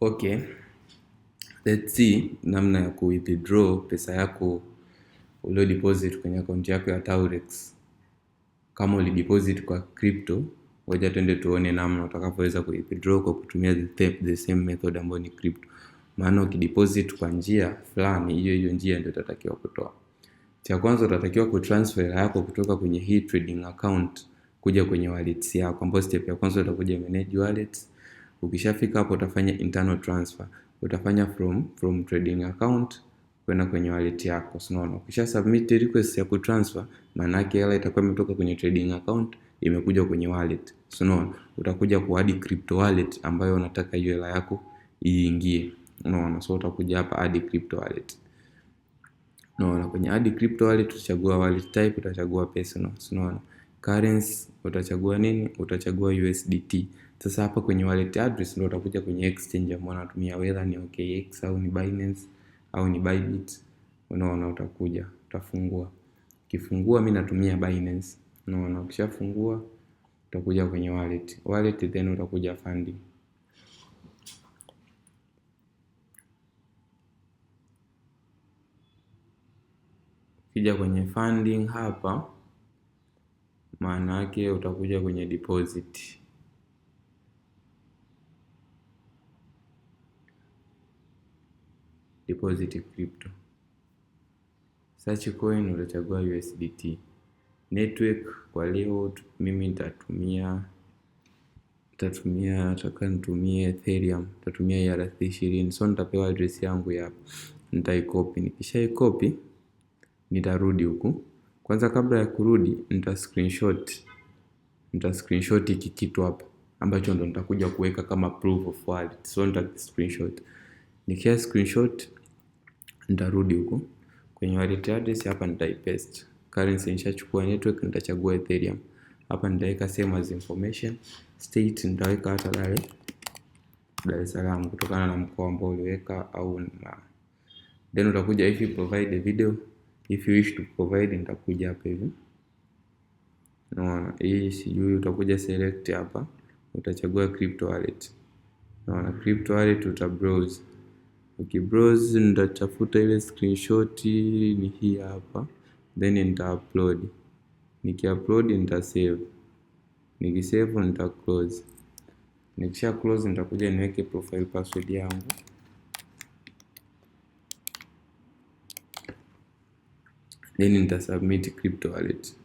Okay, let's see namna ya kuwithdraw pesa yako ulio deposit kwenye akaunti yako ya Taurex. Kama uli deposit kwa crypto, ngoja twende tuone namna utakavyoweza kuwithdraw kwa kutumia the, the same method ambayo ni crypto, maana ukideposit kwa njia fulani, hiyo hiyo njia ndio utatakiwa kutoa. Cha kwanza utatakiwa kutransfer hela yako kutoka kwenye hii trading account kuja kwenye wallet yako, ambapo step ya kwanza utakuja manage wallets Ukishafika hapo utafanya internal transfer. Utafanya from, from trading account kwenda kwenye wallet yako. Unaona? Ukisha submit request ya ku transfer, maana yake hela itakuwa imetoka kwenye trading account imekuja kwenye wallet. Unaona? Utakuja ku add crypto wallet ambayo unataka hiyo hela yako iingie. Unaona? So utakuja hapa add crypto wallet. Unaona? Kwenye add crypto wallet utachagua wallet type, utachagua personal. Unaona? Currency utachagua nini? Utachagua USDT. Sasa hapa kwenye wallet address ndio utakuja kwenye exchange ambao unatumia whether ni OKX au ni Binance au ni Bybit. Unaona utakuja, utafungua. Ukifungua mimi natumia Binance. Unaona ukishafungua utakuja kwenye wallet. Wallet then utakuja funding. Ukija kwenye funding hapa maana yake utakuja kwenye deposit. Deposit crypto. Search coin utachagua USDT. Network kwa leo mimi nitatumia nitatumia nataka nitumie Ethereum, nitatumia ERC 20. So nitapewa address yangu ya hapa. Nitaikopi. Nikishaikopi nitarudi huku. Kwanza kabla ya kurudi nita screenshot. Nita screenshot hiki kitu hapa ambacho ndo nitakuja kuweka kama proof of wallet. So nita screenshot. Nikia screenshot, nitarudi huko kwenye wallet address. Hapa nita paste currency, nishachukua network, nitachagua Ethereum. Hapa nitaweka same as information, state nitaweka hata Dar es Salaam kutokana na mkoa ambao uliweka au na then utakuja if you provide the video if you wish to provide, nitakuja hapa hivi, naona hii sijui, utakuja select hapa, utachagua crypto wallet, naona crypto wallet uta browse Nikibrowse nitatafuta ile screenshot ni hii hapa, then nitaupload. Nikiupload nitasave, nikisave nita close. Nikisha close nitakuja niweke profile password yangu then nitasubmit crypto wallet.